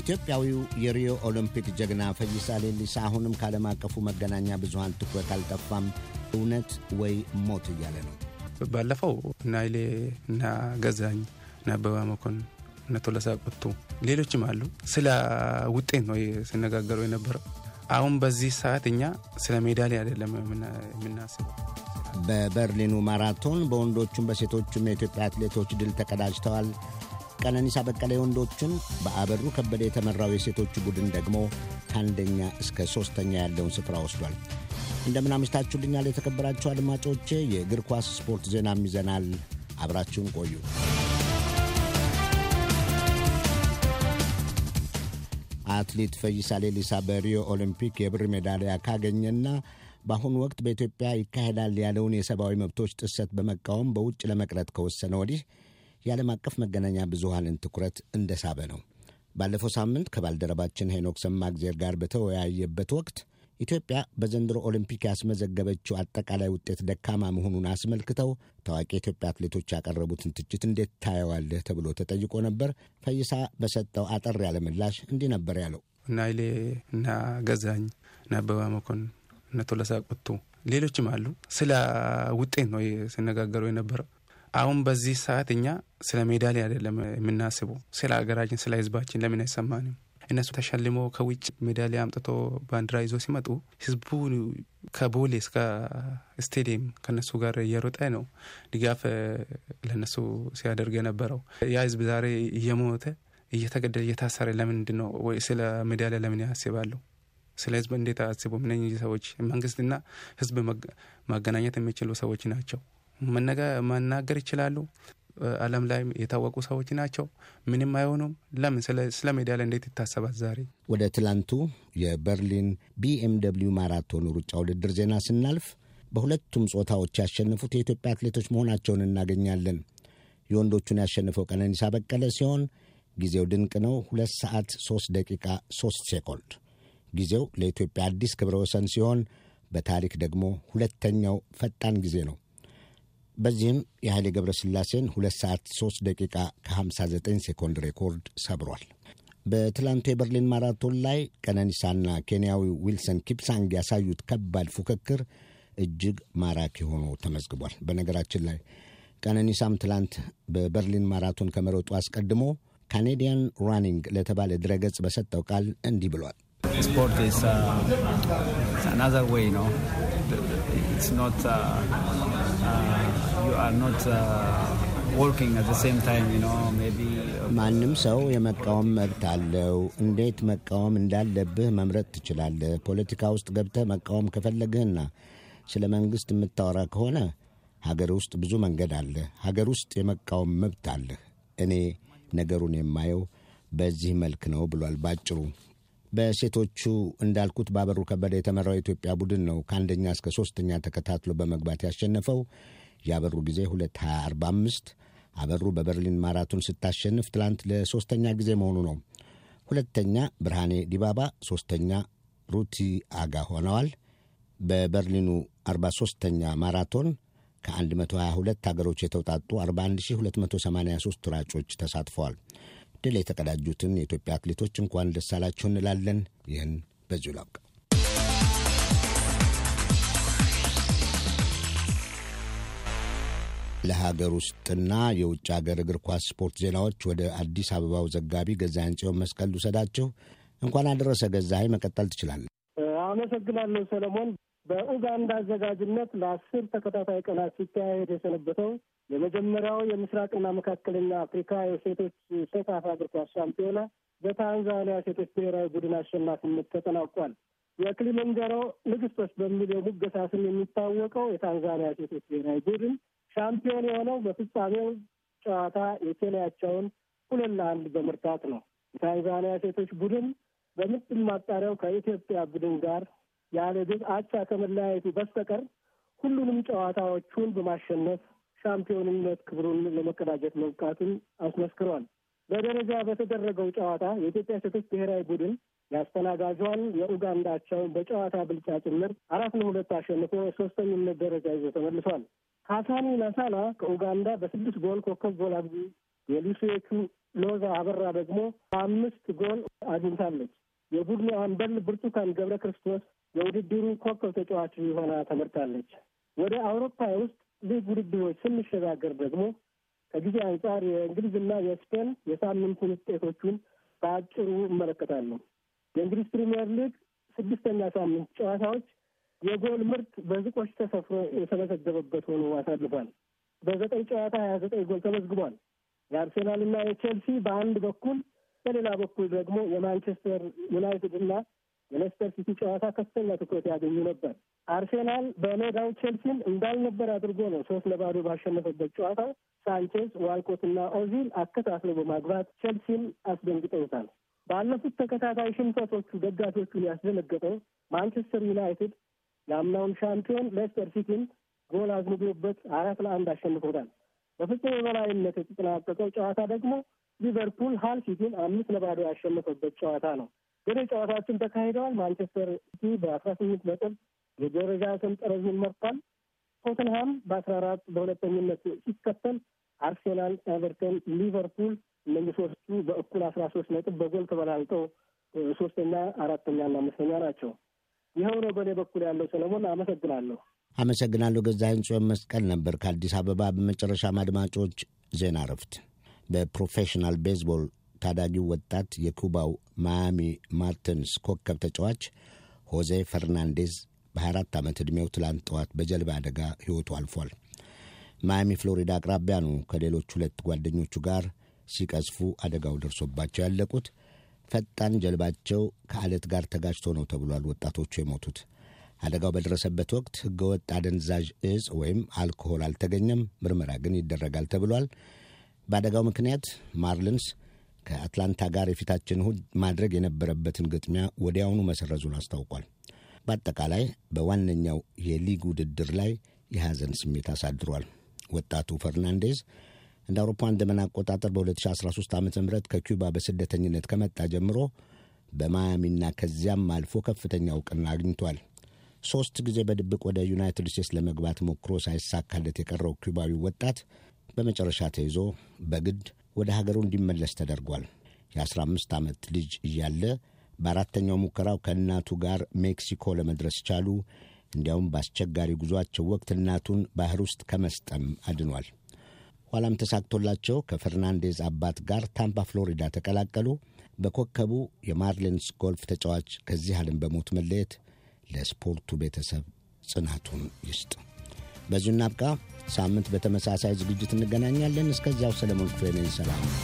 ኢትዮጵያዊው የሪዮ ኦሎምፒክ ጀግና ፈይሳ ሌሊሳ አሁንም ከዓለም አቀፉ መገናኛ ብዙሃን ትኩረት አልጠፋም። እውነት ወይ ሞት እያለ ነው። ባለፈው እነ ኃይሌ እነ ገዛኝ እና አበባ መኮን እና ቶለሳ ቁቱ ሌሎችም አሉ። ስለ ውጤት ነው ሲነጋገሩ የነበረው። አሁን በዚህ ሰዓት እኛ ስለ ሜዳሊያ አይደለም የምናስበው። በበርሊኑ ማራቶን በወንዶቹም በሴቶቹም የኢትዮጵያ አትሌቶች ድል ተቀዳጅተዋል። ቀነኒሳ በቀለ የወንዶቹን፣ በአበሩ ከበደ የተመራው የሴቶቹ ቡድን ደግሞ ከአንደኛ እስከ ሦስተኛ ያለውን ስፍራ ወስዷል። እንደምን አምሽታችሁልኛል የተከበራችሁ አድማጮቼ። የእግር ኳስ ስፖርት ዜናም ይዘናል። አብራችሁን ቆዩ። አትሌት ፈይሳ ሌሊሳ በሪዮ ኦሊምፒክ የብር ሜዳሊያ ካገኘና በአሁኑ ወቅት በኢትዮጵያ ይካሄዳል ያለውን የሰብአዊ መብቶች ጥሰት በመቃወም በውጭ ለመቅረት ከወሰነ ወዲህ የዓለም አቀፍ መገናኛ ብዙሃንን ትኩረት እንደሳበ ነው። ባለፈው ሳምንት ከባልደረባችን ሄኖክ ሰማግዜር ጋር በተወያየበት ወቅት ኢትዮጵያ በዘንድሮ ኦሊምፒክ ያስመዘገበችው አጠቃላይ ውጤት ደካማ መሆኑን አስመልክተው ታዋቂ የኢትዮጵያ አትሌቶች ያቀረቡትን ትችት እንዴት ታየዋለህ ተብሎ ተጠይቆ ነበር። ፈይሳ በሰጠው አጠር ያለ ምላሽ እንዲህ ነበር ያለው። እነ ኃይሌ እና ገዛኝ እና አበባ መኮንን እነ ቶለሳ ቁቱ ሌሎችም አሉ። ስለ ውጤት ነው ሲነጋገሩ የነበረው አሁን በዚህ ሰዓት እኛ ስለ ሜዳሊያ አይደለም የምናስበው፣ ስለ ሀገራችን፣ ስለ ህዝባችን ለምን አይሰማንም? እነሱ ተሸልሞ ከውጭ ሜዳሊያ አምጥቶ ባንዲራ ይዞ ሲመጡ ህዝቡ ከቦሌ እስከ ስቴዲየም ከነሱ ጋር እየሮጠ ነው ድጋፍ ለነሱ ሲያደርግ የነበረው። ያ ህዝብ ዛሬ እየሞተ እየተገደለ እየታሰረ ለምንድን ነው ወይ ስለ ሜዳሊያ ለምን ያስባሉ? ስለ ህዝብ እንዴት አስቡ? እነኚህ ሰዎች መንግስትና ህዝብ ማገናኘት የሚችሉ ሰዎች ናቸው። መናገር ይችላሉ። ዓለም ላይ የታወቁ ሰዎች ናቸው። ምንም አይሆኑም። ለምን ስለ ሜዳ ላይ እንዴት ይታሰባል? ዛሬ ወደ ትላንቱ የበርሊን ቢኤምደብሊው ማራቶን ሩጫ ውድድር ዜና ስናልፍ በሁለቱም ጾታዎች ያሸነፉት የኢትዮጵያ አትሌቶች መሆናቸውን እናገኛለን። የወንዶቹን ያሸነፈው ቀነኒሳ በቀለ ሲሆን ጊዜው ድንቅ ነው፣ ሁለት ሰዓት ሶስት ደቂቃ 3 ሴኮንድ ጊዜው ለኢትዮጵያ አዲስ ክብረ ወሰን ሲሆን በታሪክ ደግሞ ሁለተኛው ፈጣን ጊዜ ነው። በዚህም የኃይሌ ገብረስላሴን 2 ሰዓት 3 ደቂቃ ከ59 ሴኮንድ ሬኮርድ ሰብሯል። በትላንቱ የበርሊን ማራቶን ላይ ቀነኒሳና ኬንያዊ ዊልሰን ኪፕሳንግ ያሳዩት ከባድ ፉክክር እጅግ ማራኪ ሆኖ ተመዝግቧል። በነገራችን ላይ ቀነኒሳም ትላንት በበርሊን ማራቶን ከመሮጡ አስቀድሞ ካኔዲያን ራኒንግ ለተባለ ድረገጽ በሰጠው ቃል እንዲህ ብሏል። ስፖርት አናዘር ነው Uh, uh, ማንም ሰው የመቃወም መብት አለው። እንዴት መቃወም እንዳለብህ መምረጥ ትችላለህ። ፖለቲካ ውስጥ ገብተህ መቃወም ከፈለግህና ስለ መንግሥት የምታወራ ከሆነ ሀገር ውስጥ ብዙ መንገድ አለ። ሀገር ውስጥ የመቃወም መብት አለህ። እኔ ነገሩን የማየው በዚህ መልክ ነው ብሏል ባጭሩ። በሴቶቹ እንዳልኩት ባበሩ ከበደ የተመራው የኢትዮጵያ ቡድን ነው ከአንደኛ እስከ ሶስተኛ ተከታትሎ በመግባት ያሸነፈው። ያበሩ ጊዜ 2245 አበሩ በበርሊን ማራቶን ስታሸንፍ ትላንት ለሦስተኛ ጊዜ መሆኑ ነው። ሁለተኛ ብርሃኔ ዲባባ፣ ሦስተኛ ሩቲ አጋ ሆነዋል። በበርሊኑ 43ኛ ማራቶን ከ122 ሀገሮች የተውጣጡ 41283 ራጮች ተሳትፈዋል። ድል የተቀዳጁትን የኢትዮጵያ አትሌቶች እንኳን ደስ አላችሁ እንላለን። ይህን በዚሁ ላብቃ። ለሀገር ውስጥና የውጭ ሀገር እግር ኳስ ስፖርት ዜናዎች ወደ አዲስ አበባው ዘጋቢ ገዛኸኝ ጽዮን መስቀል ልውሰዳችሁ። እንኳን አደረሰ ገዛኸኝ፣ መቀጠል ትችላለህ። አመሰግናለሁ ሰለሞን። በኡጋንዳ አዘጋጅነት ለአስር ተከታታይ ቀናት ሲካሄድ የሰነበተው የመጀመሪያው የምስራቅና መካከለኛ አፍሪካ የሴቶች ሴካፋ እግር ኳስ ሻምፒዮና በታንዛኒያ ሴቶች ብሔራዊ ቡድን አሸናፊነት ተጠናቋል። የክሊመንጀሮ ንግስቶች በሚል የሙገሳ ስም የሚታወቀው የታንዛኒያ ሴቶች ብሔራዊ ቡድን ሻምፒዮን የሆነው በፍጻሜው ጨዋታ የኬንያቸውን ሁለት ለአንድ በመርታት ነው። የታንዛኒያ ሴቶች ቡድን በምድብ ማጣሪያው ከኢትዮጵያ ቡድን ጋር ያለ ግብ አቻ ከመለያየቱ በስተቀር ሁሉንም ጨዋታዎቹን በማሸነፍ ሻምፒዮንነት ክብሩን ለመቀዳጀት መብቃቱን አስመስክሯል። በደረጃ በተደረገው ጨዋታ የኢትዮጵያ ሴቶች ብሔራዊ ቡድን ያስተናጋጇን የኡጋንዳቸውን በጨዋታ ብልጫ ጭምር አራት ለሁለት አሸንፎ ሶስተኝነት ደረጃ ይዞ ተመልሷል። ሀሳኒ ናሳላ ከኡጋንዳ በስድስት ጎል ኮከብ ጎል አግቢ፣ የሌሶቹ ሎዛ አበራ ደግሞ በአምስት ጎል አግኝታለች። የቡድኑ አምበል ብርቱካን ገብረ ክርስቶስ የውድድሩ ኮከብ ተጫዋች ሆና ተመርጣለች። ወደ አውሮፓ ውስጥ ሊግ ውድድሮች ስንሸጋገር ደግሞ ከጊዜ አንጻር የእንግሊዝና የስፔን የሳምንቱን ውጤቶቹን በአጭሩ እመለከታለሁ። የእንግሊዝ ፕሪምየር ሊግ ስድስተኛ ሳምንት ጨዋታዎች የጎል ምርት በዝቆች ተሰፍሮ የተመዘገበበት ሆኖ አሳልፏል። በዘጠኝ ጨዋታ ሀያ ዘጠኝ ጎል ተመዝግቧል። እና የቼልሲ በአንድ በኩል በሌላ በኩል ደግሞ የማንቸስተር ዩናይትድ እና የሌስተር ሲቲ ጨዋታ ከፍተኛ ትኩረት ያገኙ ነበር። አርሴናል በሜዳው ቼልሲን እንዳልነበር አድርጎ ነው ሶስት ለባዶ ባሸነፈበት ጨዋታ ሳንቼዝ ዋልኮትና ኦዚል አከታትለው በማግባት ቼልሲን አስደንግጠውታል። ባለፉት ተከታታይ ሽንፈቶቹ ደጋፊዎቹን ያስደነገጠው ማንቸስተር ዩናይትድ ለአምናውም ሻምፒዮን ሌስተር ሲቲን ጎል አዝንቦበት አራት ለአንድ አሸንፎታል። በፍጹም የበላይነት የተጠናቀቀው ጨዋታ ደግሞ ሊቨርፑል ሀል ሲቲን አምስት ለባዶ ያሸነፈበት ጨዋታ ነው። ወደ ጨዋታዎችን ተካሂደዋል። ማንቸስተር ሲቲ በአስራ ስምንት ነጥብ የደረጃ ሰንጠረዡን መርቷል። ቶተንሃም በአስራ አራት በሁለተኝነት ሲከተል አርሴናል፣ ኤቨርተን፣ ሊቨርፑል እነዚህ ሶስቱ በእኩል አስራ ሶስት ነጥብ በጎል ተበላልጠው ሶስተኛ፣ አራተኛና አምስተኛ ናቸው። ይኸው ነው በእኔ በኩል ያለው። ሰለሞን አመሰግናለሁ። አመሰግናለሁ። ገዛኸኝ ጽዮን መስቀል ነበር ከአዲስ አበባ። በመጨረሻም አድማጮች ዜና እረፍት። በፕሮፌሽናል ቤዝቦል ታዳጊው ወጣት የኩባው ማያሚ ማርቲንስ ኮከብ ተጫዋች ሆዜ ፈርናንዴዝ በ24 ዓመት ዕድሜው ትላንት ጠዋት በጀልባ አደጋ ሕይወቱ አልፏል። ማያሚ ፍሎሪዳ አቅራቢያ ነው ከሌሎች ሁለት ጓደኞቹ ጋር ሲቀዝፉ አደጋው ደርሶባቸው ያለቁት። ፈጣን ጀልባቸው ከአለት ጋር ተጋጭቶ ነው ተብሏል ወጣቶቹ የሞቱት። አደጋው በደረሰበት ወቅት ህገወጥ አደንዛዥ እጽ ወይም አልኮሆል አልተገኘም፣ ምርመራ ግን ይደረጋል ተብሏል። በአደጋው ምክንያት ማርልንስ ከአትላንታ ጋር የፊታችን እሁድ ማድረግ የነበረበትን ግጥሚያ ወዲያውኑ መሰረዙን አስታውቋል። በአጠቃላይ በዋነኛው የሊግ ውድድር ላይ የሐዘን ስሜት አሳድሯል። ወጣቱ ፈርናንዴዝ እንደ አውሮፓን ዘመን አቆጣጠር በ2013 ዓ ም ከኪዩባ በስደተኝነት ከመጣ ጀምሮ በማያሚና ከዚያም አልፎ ከፍተኛ እውቅና አግኝቷል። ሦስት ጊዜ በድብቅ ወደ ዩናይትድ ስቴትስ ለመግባት ሞክሮ ሳይሳካለት የቀረው ኪዩባዊ ወጣት በመጨረሻ ተይዞ በግድ ወደ ሀገሩ እንዲመለስ ተደርጓል። የ15 ዓመት ልጅ እያለ በአራተኛው ሙከራው ከእናቱ ጋር ሜክሲኮ ለመድረስ ቻሉ። እንዲያውም በአስቸጋሪ ጉዟቸው ወቅት እናቱን ባህር ውስጥ ከመስጠም አድኗል። ኋላም ተሳክቶላቸው ከፈርናንዴዝ አባት ጋር ታምፓ ፍሎሪዳ ተቀላቀሉ። በኮከቡ የማርሊንስ ጎልፍ ተጫዋች ከዚህ ዓለም በሞት መለየት ለስፖርቱ ቤተሰብ ጽናቱን ይስጥ። በዚሁ እናብቃ። ሳምንት በተመሳሳይ ዝግጅት እንገናኛለን። እስከዚያው ሰለሞን ክፍሌ ነኝ። ሰላም።